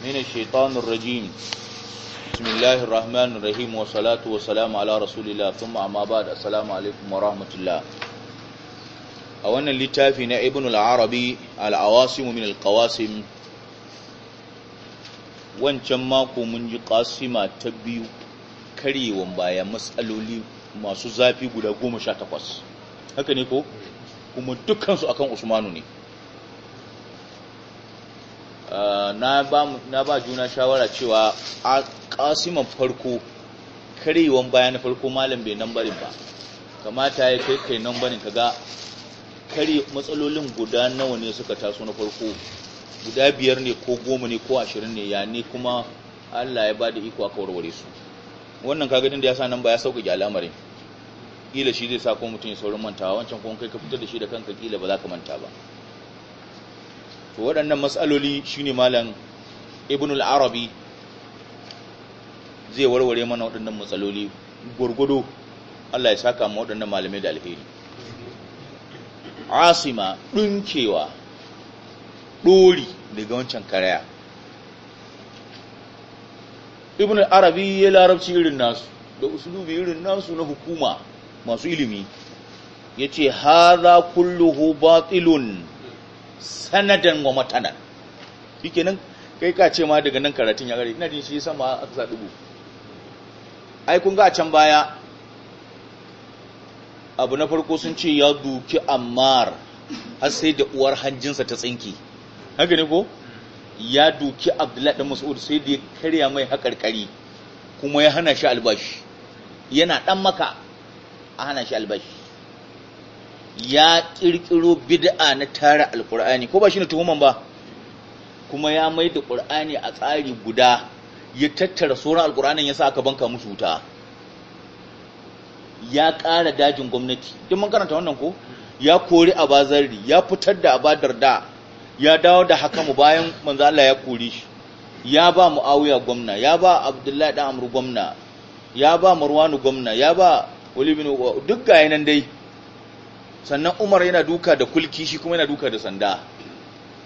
من الشيطان الرجيم بسم الله الرحمن الرحيم والصلاة والسلام على رسول الله ثم أما بعد السلام عليكم ورحمة الله أولا لتافنا ابن العربي العواصم من القواسم wancan mako mun ji kasima ta biyu karyewan baya matsaloli masu zafi guda goma sha takwas haka ne ko kuma dukansu akan usmanu ne Eh, na ba juna shawara cewa a kasiman farko karewan baya na farko malam bai nambarin ba kamata ya kai kai nambarin ga, kare matsalolin guda nawa ne suka taso na farko guda biyar ne ko goma ne ko ashirin ne ya ne kuma allah ya ba da iko aka warware su wannan kagadin da ya sa nan ba ya ga al'amarin ƙila shi zai sa ko mutum ya saurin mantawa wancan kuma kai ka fitar da shi da kanka ƙila ba za ka manta ba to waɗannan matsaloli shine malam ibn al-arabi zai warware mana waɗannan matsaloli gurgudu Allah ya saka mu waɗannan malamai da alheri asima ɗunkewa ɗori daga wancan karaya ibn al-arabi ya larabci irin nasu da usulubi irin nasu na hukuma masu ilimi ya yace hadha kulluhu batilun sanadan wa matanan shikenan kai ka ce ma daga nan karatun ya gare ina jin shi sama ma aka sa dubu ai ga a can baya abu na farko sun ce ya duki ammar har sai da uwar hanjinsa ta tsinki haka ne ko ya duki abdullahi dan mas'ud sai da ya karya mai hakarkari kuma ya hana shi albashi yana dan maka a hana shi albashi ya ƙirƙiro bid'a na tara Alƙur'ani, ko ba shi ne tuhuman ba kuma ya mai da qur'ani a tsari guda ya tattara sauran alkur'anin ya sa aka banka musu wuta ya ƙara dajin gwamnati duk mun karanta wannan ko ya kori a abazarri ya fitar da abadar da ya dawo da haka mu bayan manzo Allah ya kori shi ya ba muawiya gwamna ya ba abdullahi dan amru gwamna ya ba marwanu gwamna ya ba wali bin duk yanan dai sannan umar yana duka da kulki shi kuma yana duka da sanda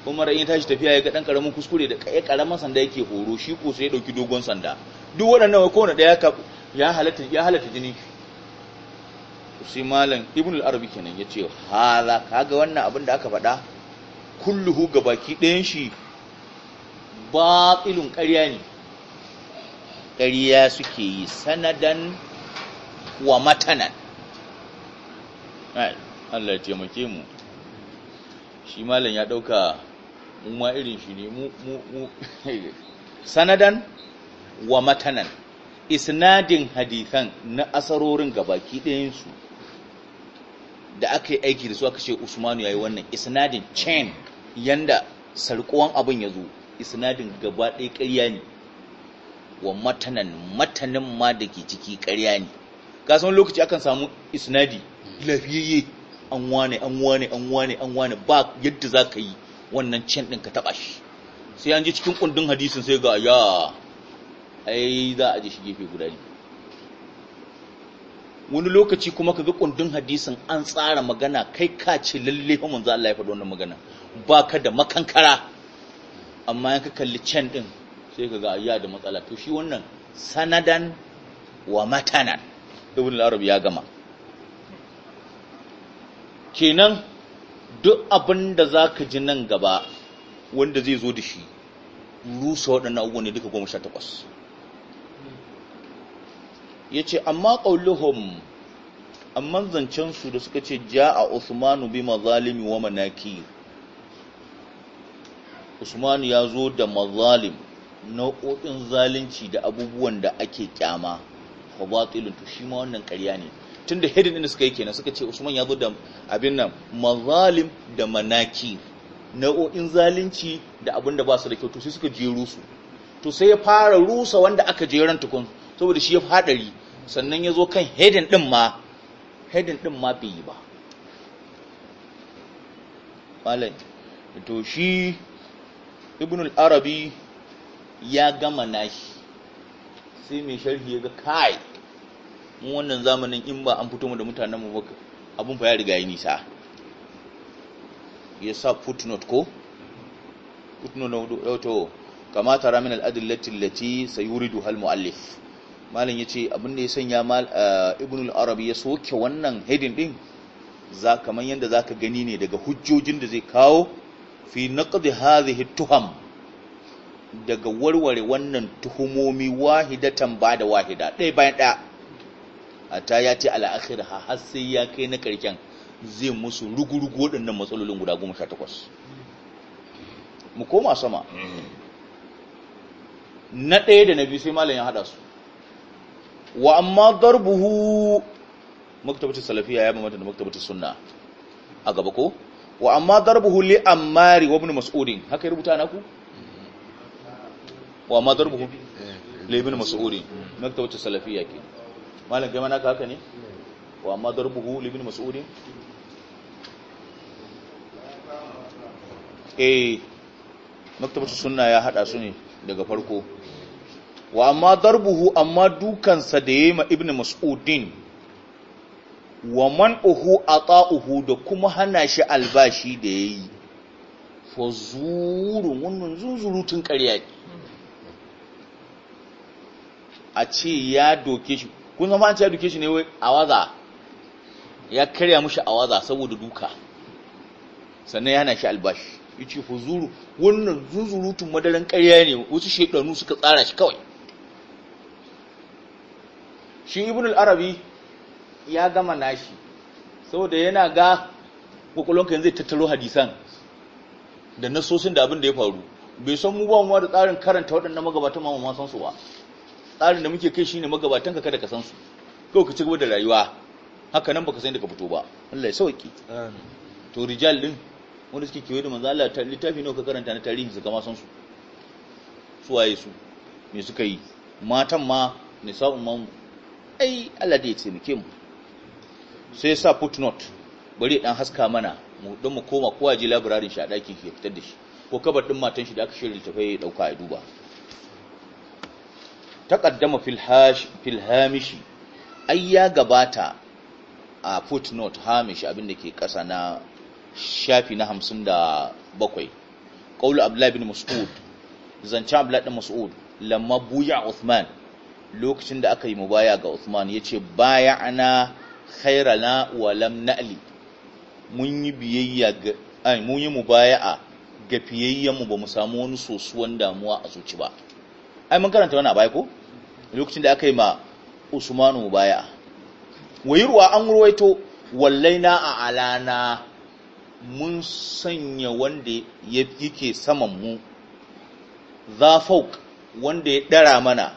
umar yana tashi tafiya ya ga dan karamin kuskure da kai karaman sanda yake horo shi ko sai ya dauki dogon sanda duk waɗannan wai kowane daya ka ya halatta ya halatta jini sai malam ibnu al-arabi kenan yace hala kaga wannan abin da aka faɗa kulluhu gabaki ɗayan shi batilun ƙarya ne ƙarya suke yi sanadan wa matanan Allah ya taimake mu shi malam ya dauka mu ma irin shi ne mu mu sanadan wa matanan isnadin hadithan na asarorin gabaki ɗayan su da aka yi aiki da su aka ce Usmanu yayi wannan isnadin chain yanda sarkuwan abin ya zo isnadin gaba ɗaya ƙarya ne wa matanan matanin ma da ke ciki ƙarya ne san lokaci akan samu isnadi lafiyayye an wane an wane an wane an wane ba yadda za ka yi wannan cin ɗin ka taɓa shi sai an ji cikin ƙundin hadisin sai ga ya ai za a ji shi gefe guda ne wani lokaci kuma ka ga kundin hadisin an tsara magana kai ka ce lalle fa manzo Allah ya faɗi wannan magana ba ka da makankara amma yanka kalli can ɗin sai ka ga ya da matsala to shi wannan sanadan wa matanan ibn arab ya gama kenan duk abin da za ka ji nan gaba wanda zai zo da shi rusa waɗannan abubuwan ne duka goma sha takwas ya ce amma ƙauluhun amma zancensu da suka ce ja a usmanu bi mazalimi wa manaki usmanu ya zo da mazalim nau'o'in zalunci da abubuwan da ake kyama fa batilun to shi ma wannan ƙarya ne tunda hedin din suka yi kenan suka ce Usman ya zo da abin nan mazalim da manaki nau'o'in zalunci da abin da ba su da kyau to sai suka jeru su to sai ya fara rusa wanda aka jeran tukun saboda shi ya hadari sannan ya zo kan hedin din ma hedin din ma bai yi ba malam to shi arabi ya gama nashi sai mai sharhi ya ga kai mun wannan zamanin in ba an fito mu da mutanen mu ba abun fa ya riga yi nisa yasa footnote ko footnote wato kama tara min al-adillati sayuridu hal muallif malam yace abin da ya sanya mal eh, ibn al-arabi ya soke wannan heading din za kaman yanda zaka gani ne daga hujjojin da zai kawo fi naqd hadhihi tuham daga warware wannan tuhumomi wahidatan ba da wahida ɗaya bayan ɗaya hatta ya ce al'akhir ha har sai ya kai na karken zai musu rugurugu waɗannan matsalolin guda goma sha takwas mu koma sama na ɗaya da na biyu sai malam ya haɗa su wa amma darbuhu maktabatu salafiya ya mamata da maktabatu sunna a gaba ko wa amma darbuhu li ammari wa ibn mas'udin haka rubuta naku wa amma darbuhu li ibn mas'udin maktabatu salafiya kenan malin kai mana haka ne wa amma darbuhu libin mas'udin eh maktabatu sunna ya hada su ne daga farko wa amma darbuhu amma dukansa da yayi ma ibnu mas'udin wa man uhu ata'uhu da kuma hana shi albashi da yayi fa zurun wannan zunzurutun tun a ce ya doke shi kun zama an ci duke shi ne awaza ya karya mushi awaza saboda duka sannan yana shi albashi yace zuru wannan zuzurutun madaran karya ne wasu shekaru suka tsara shi kawai shi ibn arabi ya gama nashi saboda yana ga kwakwalonka yanzu tattaro hadisan da nasosin da abin da ya faru bai san mu ba mu da tsarin karanta waɗannan magabatan mamu sansu ba tsarin da muke kai shine magabatan ka kada ka san su kawai ka ci gaba da rayuwa haka nan baka san da ka fito ba Allah ya sauki to rijal din wanda suke kewaye da manzo Allah littafi nawa ka karanta na tarihi su kama san su su waye su me suka yi matan ma ne nisa'un man ai Allah da ya muke mu sai ya sa footnote bari dan haska mana mu don mu koma kowa ji labirarin shi a daki shi fitar da shi ko kabar din matan shi da aka shirya littafai ya ɗauka ya duba taƙaddama fil hash fil hamishi ai ya gabata a footnote hamish abin da ke ƙasa na shafi na 57 qaulu Abdullahi bin mas'ud zancen Abdullahi bin mas'ud lamma buya uthman lokacin da aka yi mubaya ga uthman yace bayana khairana wa lam na'li mun yi biyayya ga ai mun yi mubaya'a ga ba mu samu wani sosuwan damuwa a zuci ba ai mun karanta wannan bai ko lokacin da aka yi ma usmanu baya wayirwa an ruwaito wallaina a alana mun sanya wanda yake saman mu za fauk wanda ya dara mana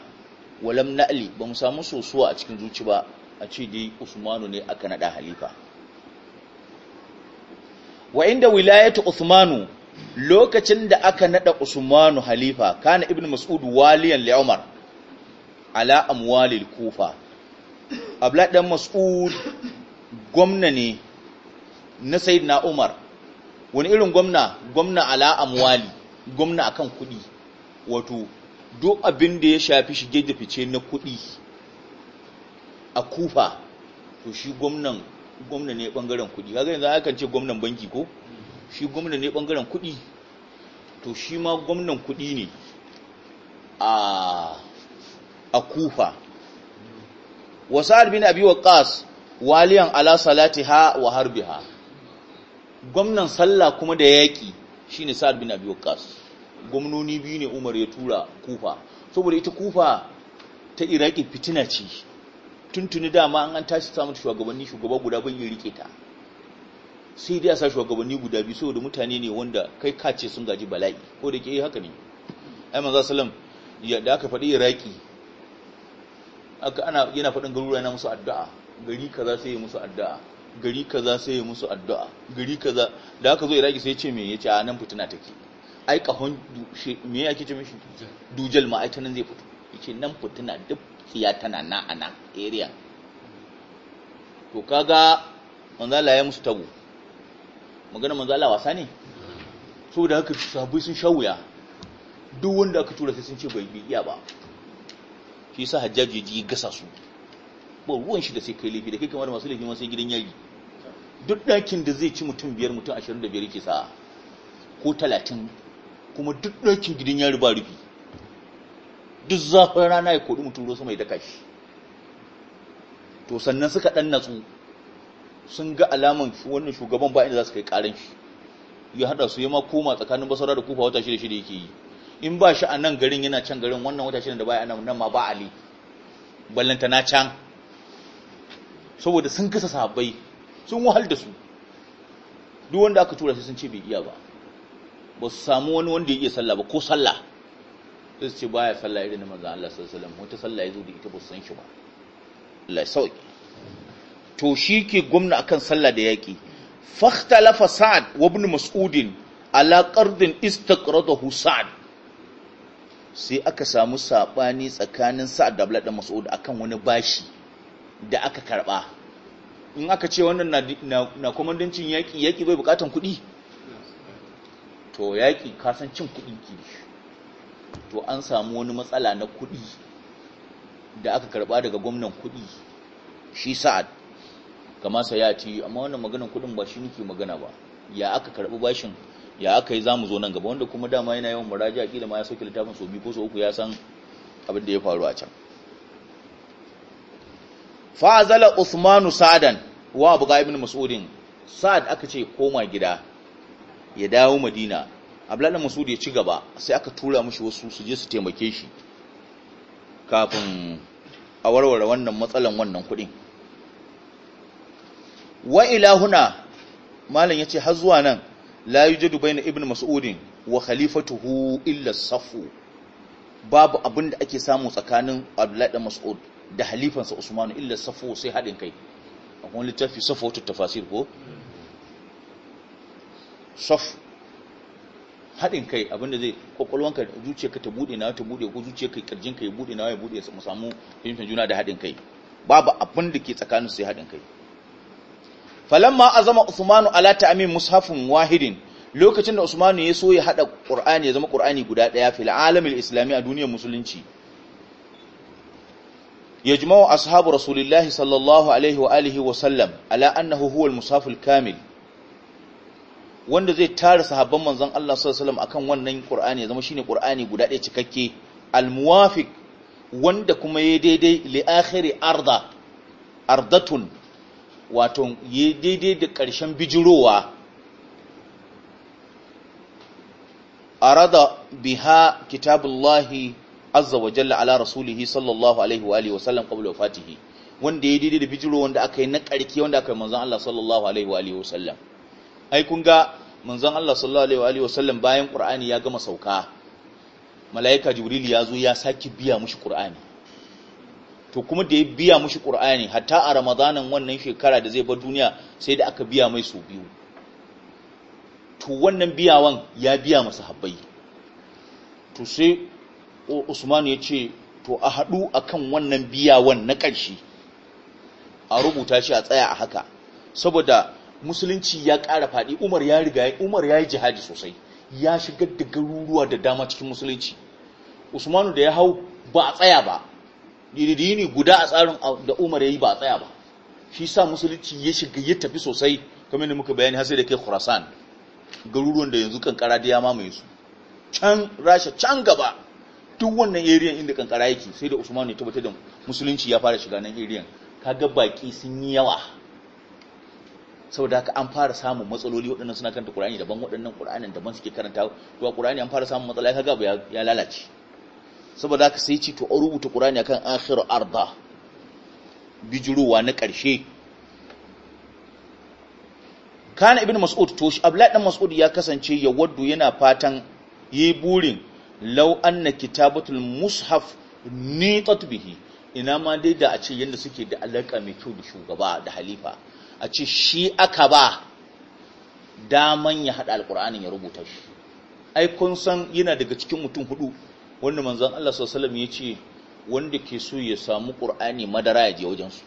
walam na'li ba mu samu sosuwa a cikin zuci ba a ce dai usmanu ne aka nada halifa wa inda wilayatu usmanu lokacin da aka nada usmanu halifa kana ibn mas'ud waliyan li umar ala amwalil kufa abdullahi dan mas'ud gwamna ne na sayyidina umar wani irin gwamna gwamna ala amwali gwamna akan kudi wato duk abin da ya shafi shige da fice na kudi a kufa to shi gwamnan gwamna ne bangaren kudi kaga yanzu akan ce gwamnan banki ko shi gwamna ne bangaren kuɗi to shi ma gwamnan kuɗi ne a kufa wasa'ad bin abi kas waliyan ala ha wa ha. gwamnan sallah kuma da yaƙi ne sa'ad bin abi waqas gwamnoni biyu ne umar ya tura kufa saboda ita kufa ta iraki fitina ce tuntuni dama an tashi samun shugabanni shugaba guda ban yi rike ta sai dai a sa shugabanni guda biyu saboda mutane ne wanda kai kace sun gaji bala'i ko da ke yi eh, haka ne ai manzo sallam da aka faɗi iraki aka ana yana faɗin garuruwa na musu addu'a gari kaza sai ya musu addu'a gari kaza sai ya musu addu'a gari kaza da aka zo iraki sai ya ce me yace a nan fitina take ai kahon me yake ce mishi dujal ma ai ta nan zai fito yace nan fitina duk tsiya tana na a nan area to kaga manzo Allah ya musu tabo magana manzo Allah wasa ne saboda haka sahabbai sun sha duk wanda aka tura sai sun ce bai bi iya ba shi yasa hajjaji ji gasa su ba ruwan shi da sai kai laifi da kai kamar masu laifi ma sai gidan yayi duk ɗakin da zai ci mutum biyar mutum ashirin da biyar yake sa ko talatin kuma duk ɗakin gidan yari ba rufi duk zafin rana ya koɗi mutum ruwa sama ya daka shi to sannan suka ɗan natsu sun ga alaman wannan shugaban ba inda za su kai karin shi ya hada su ya ma koma tsakanin basara da kufa wata shida shida yake yi in ba shi a nan garin yana can garin wannan wata shida da baya nan nan ma ba ali ballanta na can saboda sun kasa sabai sun wahal da su duk wanda aka tura sai sun ce bai iya ba ba su samu wani wanda ya iya sallah ba ko sallah sai su ce baya sallah irin na maza Allah sallallahu alaihi wasallam wata sallah ya zo da ita ba su san shi ba Allah ya to shi ke gwamna akan sallah da yaƙi fakhtalafa sa'ad wa ibn mas'udin ala qardin istaqradahu sa'ad sai aka samu saɓani tsakanin sa'ad da abdullahi mas'ud kan wani bashi da aka karɓa. in aka ce wannan na na yaƙi yaƙi bai buƙatan kuɗi to yaƙi kasan cin kuɗi ki to an samu wani matsala na kuɗi da aka karɓa daga gwamnan kuɗi shi sa'ad ya ci amma wannan maganan kudin ba shi nake magana ba ya aka karbi bashin ya aka yi zamu zo nan gaba wanda kuma dama yana yawan muraja kila ma ya soke littafin so biyu ko so uku ya san abin da ya faru a can fa'azala usmanu sadan wa abu ibn mas'udin sad aka ce koma gida ya dawo madina abdullahi mas'ud ya ci gaba sai aka tura mishi wasu su je su taimake shi kafin a warware wannan matsalan wannan kudin. wa ilahuna malam yace har zuwa nan la yujadu baina Ibn mas'udin wa khalifatuhu illa safu babu abin da ake samu tsakanin abdullahi da mas'ud da halifansa usmanu illa safu sai hadin kai akwai littafi safu ta tafasir ko saf hadin kai abin da zai kwakwalwanka zuciyarka ta bude na ta bude ko zuciyarka kirjinka ya bude na ya bude mu samu fahimtar juna da hadin kai babu abin da ke tsakanin sai hadin kai falamma azama usmanu ala ta'min mushafin wahidin lokacin da usmanu ya so ya hada qur'ani ya zama qur'ani guda daya fil alamil islami a duniyar musulunci yajma'u ashabu rasulillahi sallallahu alaihi wa alihi wa sallam ala annahu huwa al kamil wanda zai tara sahabban manzon Allah sallallahu alaihi akan wannan qur'ani ya zama shine qur'ani guda daya cikakke al wanda kuma ya daidai li akhiri arda ardatun wato yi daidai da ƙarshen bijirowa a arada biha kitabullahi azza wa jalla ala rasulihi sallallahu alaihi wa alihi wa sallam qabla wanda ya daidai da bijiro wanda aka yi na ƙarki wanda aka yi manzon Allah sallallahu alaihi wa alihi wa sallam ai kun ga manzon Allah sallallahu alaihi wa alihi sallam bayan ƙ ya gama sauka mala'ika Jibril ya zo ya saki biya mushi ƙur'ani. to kuma da ya biya mushi ƙur'ani, hatta a ramadanin wannan shekara da zai bar duniya sai da aka biya mai su biyu to wannan biyawan ya biya masu habbai to sai usman ya ce to a haɗu akan wannan biyawan na ƙarshe a rubuta shi a tsaya a haka saboda musulunci ya ƙara faɗi umar ya riga umar ya yi jihadi sosai ya shigar da garuruwa da dama cikin musulunci usmanu da ya hau ba a tsaya ba didini guda a tsarin da Umar ya yi ba a tsaya ba shi sa musulunci ya shiga ya tafi sosai kamar yadda muka bayani har sai da kai Khurasan garuruwan da yanzu kankara da ya mamaye su can Rasha can gaba duk wannan area inda kankara yake sai da Usman ya tabbatar da musulunci ya fara shiga nan area kaga baki sun yi yawa saboda haka an fara samun matsaloli waɗannan suna karanta Qur'ani daban waɗannan Qur'anin daban suke karanta to Qur'ani an fara samun matsala kaga ya lalace saboda haka sai ci to an rubuta ƙur'ani akan akhiru arda bijirowa na ƙarshe kana ibn mas'ud to shi abdullahi dan mas'ud ya kasance ya waddu yana fatan yi burin law anna kitabatul mushaf ni ina ma dai da a ce yadda suke da alaka mai kyau da shugaba da halifa a ce shi aka ba daman ya haɗa alqur'anin ya rubuta shi ai yana daga cikin mutum hudu wanda manzon Allah sallallahu alaihi wasallam yace wanda ke so ya samu Qur'ani madara ya je wajen su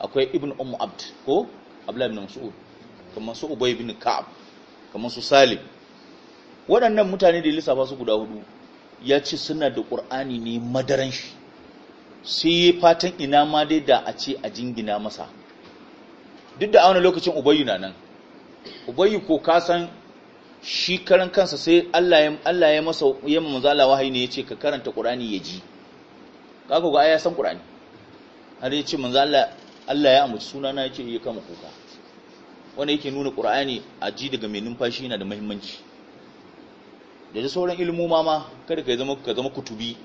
akwai Ibn Umm Abd ko Abdullah ibn Mas'ud kamar su Ubay ibn Ka'ab kamar su Salim waɗannan mutane da lissafa su guda hudu ya ce suna da Qur'ani ne madaran shi sai fatan ina ma dai da a ce a jingina masa duk da a lokacin Ubayyu na nan Ubayyu ko kasan. shi karan kansa sai Allah ya Allah ya masa yamma manzo Allah wahayi ne yace ka karanta Qur'ani ya ji Ka ga aya san Qur'ani har yace manzo Allah Allah ya amince sunana yace ya kama kuka wanda yake nuna Qur'ani a ji daga mai numfashi yana da muhimmanci da ji sauran ilmu ma kada ka zama ka zama kutubi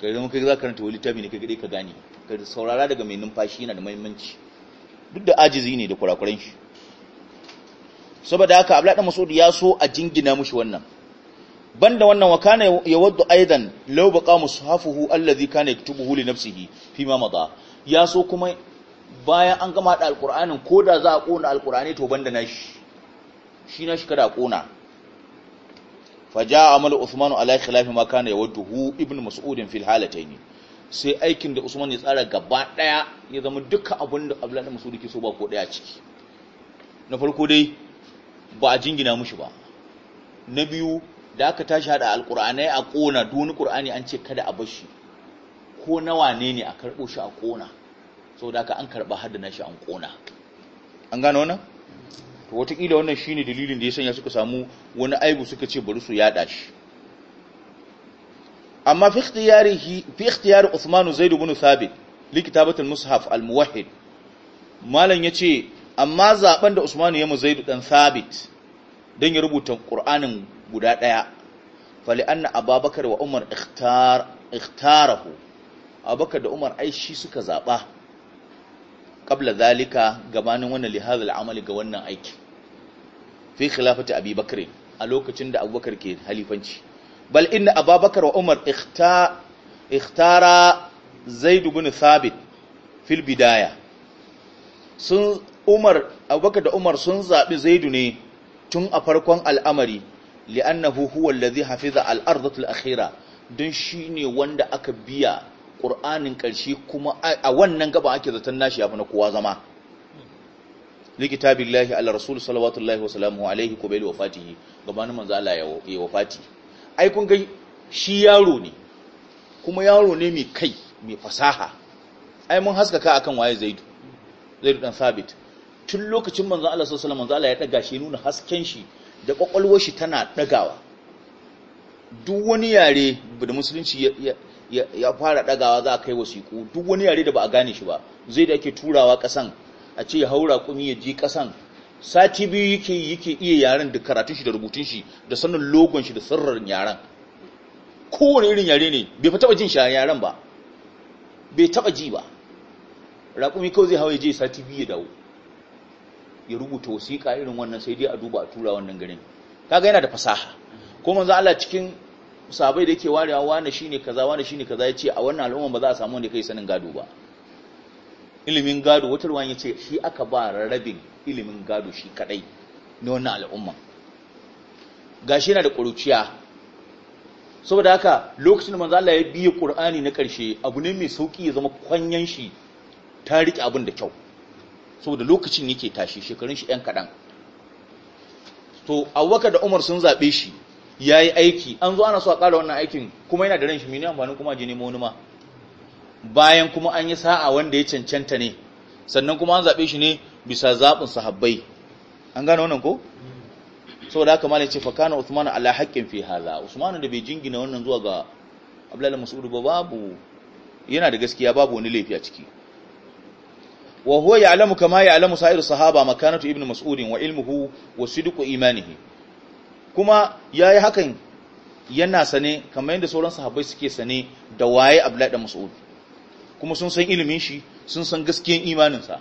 ka zama kai za karanta wani littafi ne kai gade ka gane ka saurara daga mai numfashi yana da muhimmanci duk da ajizi ne da kurakuran shi saboda haka Abdullahi masud ya so a jingina mushi wannan banda wannan wa kana yawaddu aidan law baqa mushafuhu alladhi kana yaktubuhu li nafsihi fi ma mada ya so kuma bayan an gama da ko da za a kona alqur'ani to banda nashi shi nashi kada a kona faja amalu usmanu ala khilafi ma kana yawadduhu ibn mas'ud fi sai aikin da usman ya tsara gaba daya ya zama duka abinda abdullahi mas'ud ke so ba ko daya ciki na farko dai ba a jingina mushi ba na biyu da aka tashi hada alkur'anai a kona duni qur'ani an ce kada a bashi ko nawa ne ne a karbo shi a kona da aka an karba hada na shi an kona an gano wannan to wataƙila wannan shine dalilin da ya sanya suka samu wani aibu suka ce bari su yada shi amma fi ikhtiyarihi fi ikhtiyar Uthman Zaid ibn Thabit li kitabatul mushaf al-muwahhid malan yace amma zaben da Usmanu ya muzaidu dan Thabit dan ya rubuta Qur'anin guda daya fali anna Abubakar wa Umar ikhtar ikhtarahu Abubakar da Umar ai shi suka zaba qabla zalika gabanin wannan lihazal amali ga wannan aiki fi khilafati Abubakar a lokacin da Abubakar ke halifanci bal inna Abubakar wa Umar ikhtar ikhtara Zaid ibn Thabit fil bidaya sun Umar Abubakar da Umar sun zaɓi Zaidu ne tun a farkon al'amari li'annahu da allazi hafiza al-ardatu al-akhira don shi ne wanda aka biya Qur'anin ƙarshe kuma a wannan gaba ake zaton nashi ya fi na kowa zama Likita likitabillahi ala rasul sallallahu wasalamu alaihi ko bai wafatihi gabanin manzo Allah ya wafati ai kun ga shi yaro ne kuma yaro ne mai kai mai fasaha ai mun haskaka akan waye zaidu zaidu dan sabit tun lokacin manzo Allah sallallahu alaihi wasallam ya daga shi nuna hasken shi da kwakwalwar shi tana dagawa duk wani yare da musulunci ya fara dagawa za a kai wasiku duk wani yare da ba a gane shi ba zai da ake turawa kasan a ce ya haura kumi ya ji kasan sati biyu yake yake iya yaren da karatun shi da rubutun shi da sanin logon shi da sirrin yaren kowane irin yare ne bai fa taba jin shi yaren ba bai taba ji ba raƙumi kawai zai hawa ya je sati biyu ya dawo ya rubuta wasiƙa irin wannan sai dai a duba a tura wannan garin kaga yana da fasaha ko manzo Allah cikin sabai da yake warewa wani shine kaza wani shine kaza yace a wannan al'umma ba za a samu wanda kai sanin gado ba ilimin gado wata ruwan yace shi aka ba rarrabin ilimin gado shi kadai na wannan al'umma gashi yana da ƙuruciya saboda haka lokacin manzo Allah ya biye Qur'ani na ƙarshe abu ne mai sauki ya zama kwanyan shi ta riƙe abin da kyau saboda lokacin yake tashi shekarun shi ɗan kaɗan to abubakar da umar sun zaɓe shi ya yi aiki an zo ana so a ƙara wannan aikin kuma yana da ran shi mini amfanin kuma jini nemo wani ma bayan kuma an yi sa'a wanda ya cancanta ne sannan kuma an zaɓe shi ne bisa zaɓin sahabbai an gane wannan ko saboda haka malai ce fakana kana ala hakkin fi haza. Usman da bai jingina wannan zuwa ga Abdullahi masudu ba babu yana da gaskiya babu wani laifi a ciki wa huwa ya'lamu kama ya'lamu sa'iru sahaba makanatu ibnu mas'udin wa ilmuhu wa sidqu imanihi kuma yayi hakan yana sane kamar yadda sauran sahabbai suke sane da waye Abdullahi da Mas'ud kuma sun san ilimin shi sun san imanin imaninsa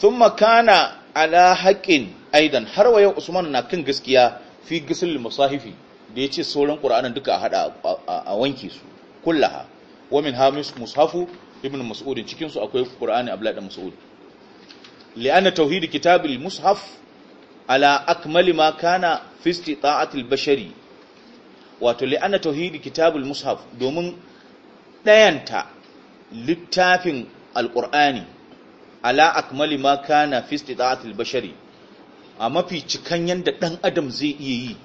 thumma kana ala haqqin aidan har waye Usman na kan gaskiya fi gisul musahifi da yace sauran Qur'anin duka a hada a wanke su kullaha wa min hamis mushafu ibn mas'ud cikin su akwai qur'ani abdullahi dan mas'ud li'anna tauhid kitabil mushaf ala akmali ma kana fi istita'ati al wato li'anna Tauhidi kitabul mushaf domin dayanta littafin alqur'ani ala akmali ma kana fi istita'ati al-bashari a mafi cikan yanda dan adam zai iya yi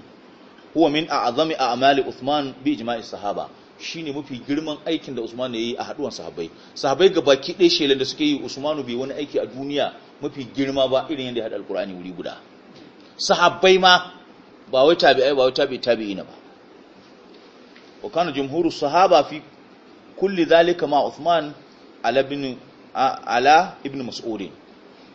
huwa min a'zami a'mali Uthman bi ijma'i sahaba shine mafi girman aikin da Usman ya yi a haduwan Sahabai sahabbai gabaki ɗaya shelan da suke yi Usmanu bai wani aiki a duniya mafi girma ba irin yadda ya hada alkur'ani wuri guda sahabbai ma ba wai tabi'ai ba wai tabi'i tabi'ina ba wa kana sahaba fi kulli zalika ma Usman ala ibn ala ibn Mas'ud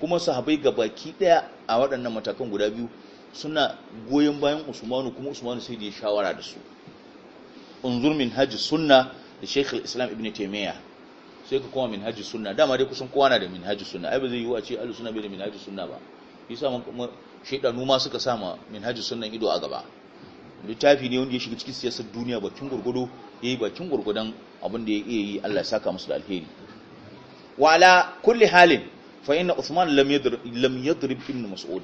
kuma sahabbai gabaki ɗaya a waɗannan matakan guda biyu suna goyon bayan Usmanu kuma Usmanu sai da ya shawara da su unzur haji sunna da shaykh al-islam ibn taymiya sai ka koma haji sunna dama dai kusan kowa na da haji sunna ai ba zai yi wa ce ahlus sunna bai da min haji sunna ba yasa mun ma suka sama min haji sunnan ido a gaba littafi ne wanda ya shiga cikin siyasar duniya bakin gurgudu yayi bakin gurgudan abin ya iya yi Allah ya saka musu da alheri wala kulli halin fa inna usman lam yadrib lam yadrib ibn Mas'ud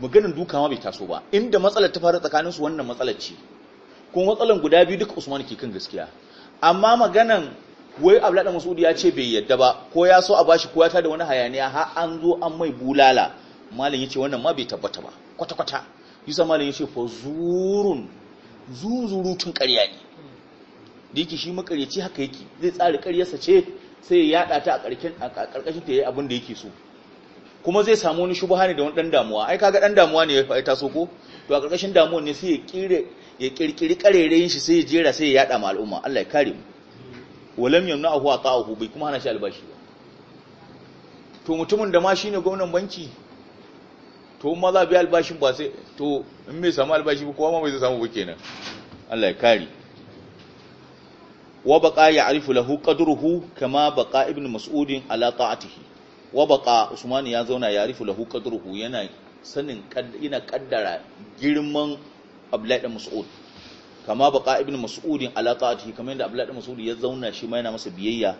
maganin duka ma bai taso ba inda matsalar ta faru tsakanin wannan matsalar ce kuma matsalan guda biyu duka Usman ke kan gaskiya amma maganan wai Abdullahi Mas'ud ya ce bai yadda ba ko ya so a bashi ko ya tada wani hayaniya har an zo an mai bulala malam yace wannan ma bai tabbata ba kwata kwata yusa malam yace fa zurun zuzurutun ƙarya ne da yake shi makaryaci haka yake zai tsara karyarsa ce sai ya yada ta a ƙarƙashin ta yayi abin da yake so kuma zai samu wani shubha ne da wani dan damuwa ai kaga dan damuwa ne ya so ko to a ƙarƙashin damuwa ne sai ya kire ya kirkiri karerayin shi sai ya jera sai ya da ma al'umma Allah ya kare mu walam yamna'ahu ata'ahu bai kuma hana shi albashi ba to mutumin da ma shine gwamnan banki to ma za bi albashin ba sai to in mai samu albashi ba kowa ma bai zai samu ba kenan Allah ya kare wa baqa ya'rifu lahu qadruhu kama baqa ibn mas'udin ala ta'atihi wa baqa usman ya zauna ya'rifu lahu qadruhu yana sanin ina kaddara girman Abdullahi ibn Mas'ud kama baqa ibn Mas'udin alaqatihi kamar yadda Abdullahi ibn Mas'ud ya zauna shi ma yana masa biyayya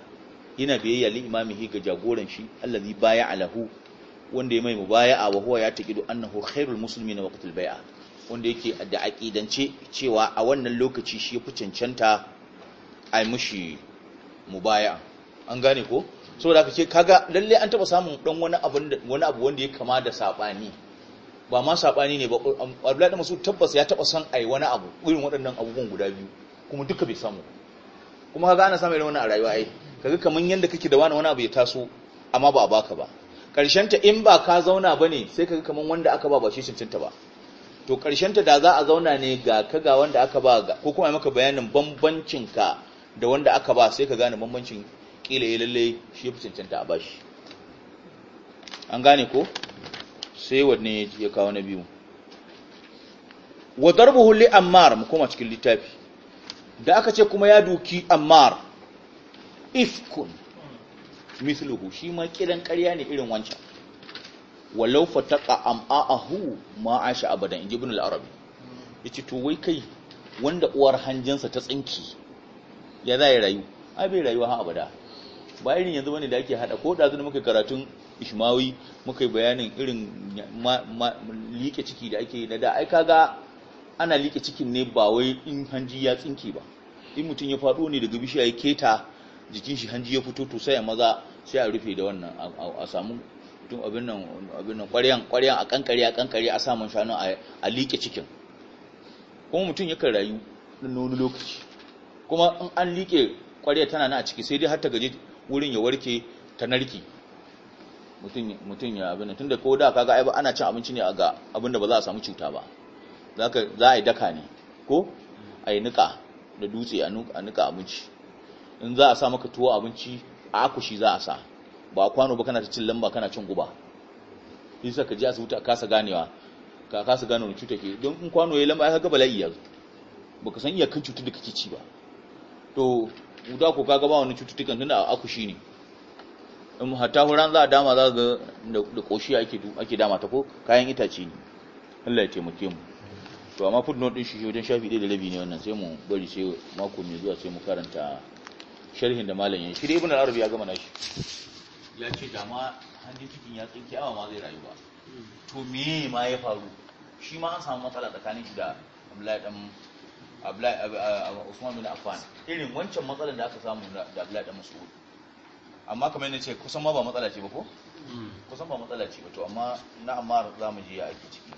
yana biyayya li imamihi ga jagoran shi allazi baya alahu wanda ya mai mubaya'a wa huwa ya taqidu annahu khairul muslimin waqtul Baya. wanda yake da aqidance cewa a wannan lokaci shi fi cancanta ai mushi mubaya'a an gane ko saboda kake kaga lalle an taba samun dan wani abu wani abu wanda ya kama da sabani ba ma sabani ne ba Abdullahi da Mas'ud tabbas ya taba san ai wani abu irin waɗannan abubuwan guda biyu kuma duka bai samu kuma kaga ana samu irin wannan a rayuwa ai kaga kaman yanda kake da wani abu ya taso amma ba a baka ba karshen ta in ba ka zauna bane sai kaga kaman wanda aka ba ba shi cincinta ba to karshen ta da za a zauna ne ga ka ga wanda aka ba ga ko kuma maka bayanin bambancin ka da wanda aka ba sai ka gane bambancin kila ya eh, lalle shi ya cincinta a bashi an gane ko sai wanne ya kawo na biyu wa buhulli ammar mu koma cikin littafi da aka ce kuma ya duki ammar ifkun misluhu shi ma kiran ƙarya ne irin wancan walau fataqa am'ahu ma asha abadan in ji bin al'arabi ya to wai kai wanda uwar hanjinsa ta tsinki ya za yi rayu abin rayuwa ha abada Bayanin yanzu wani da ake hada ko da zuwa muka karatun ishmawi muka yi bayanin irin liƙe ciki da ake na da ai kaga ana liƙe cikin ne ba wai in hanji ya tsinke ba in mutum ya faɗo ne daga bishiya ya keta jikin shi hanji ya fito to sai a maza sai a rufe da wannan a samu tun abin nan abin nan ƙwaryan ƙwaryan a kankare a kankare a samun shanu a liƙe cikin kuma mutum yakan rayu na wani lokaci kuma in an liƙe ƙwarya tana na a ciki sai dai har ta gaji wurin ya warke ta narki mutum ya abin tunda ko da kaga ai ana cin abinci ne ga abin da ba za a samu cuta ba za a yi daka ne ko a yi nika da dutse a nika abinci in za a sa maka tuwo abinci a akushi za a sa ba a kwano ba kana ta cin lamba kana cin guba sa ka ji asibiti a kasa ganewa ka kasa gane wani cuta ke don in kwano ya lamba ya ga bala'i yanzu baka san iyakan cutar da kake ci ba to guda ko kaga ba wani cututtukan tunda akushi ne in hatta huran za a dama za ga da koshi ake ake dama ta ko kayan itace ne Allah ya taimake mu to amma footnote din shi wajen shafi 1 da rabi ne wannan sai mu bari sai mako mai zuwa sai mu karanta sharhin da malamin shi da ibn al-arabi ya gama nashi ya ce da ma hannun cikin ya tsinke awa ma zai rayu ba to me ma ya faru shi ma an samu matsala tsakanin shi da Abdullahi dan Abdullahi Usman bin Affan irin wancan matsalar da aka samu da Abdullahi dan Mas'ud amma kamar yadda ce kusan ma ba matsala ce ba ko hmm. kusan ba matsala ce ba to amma na amma za mu ji ya ake ciki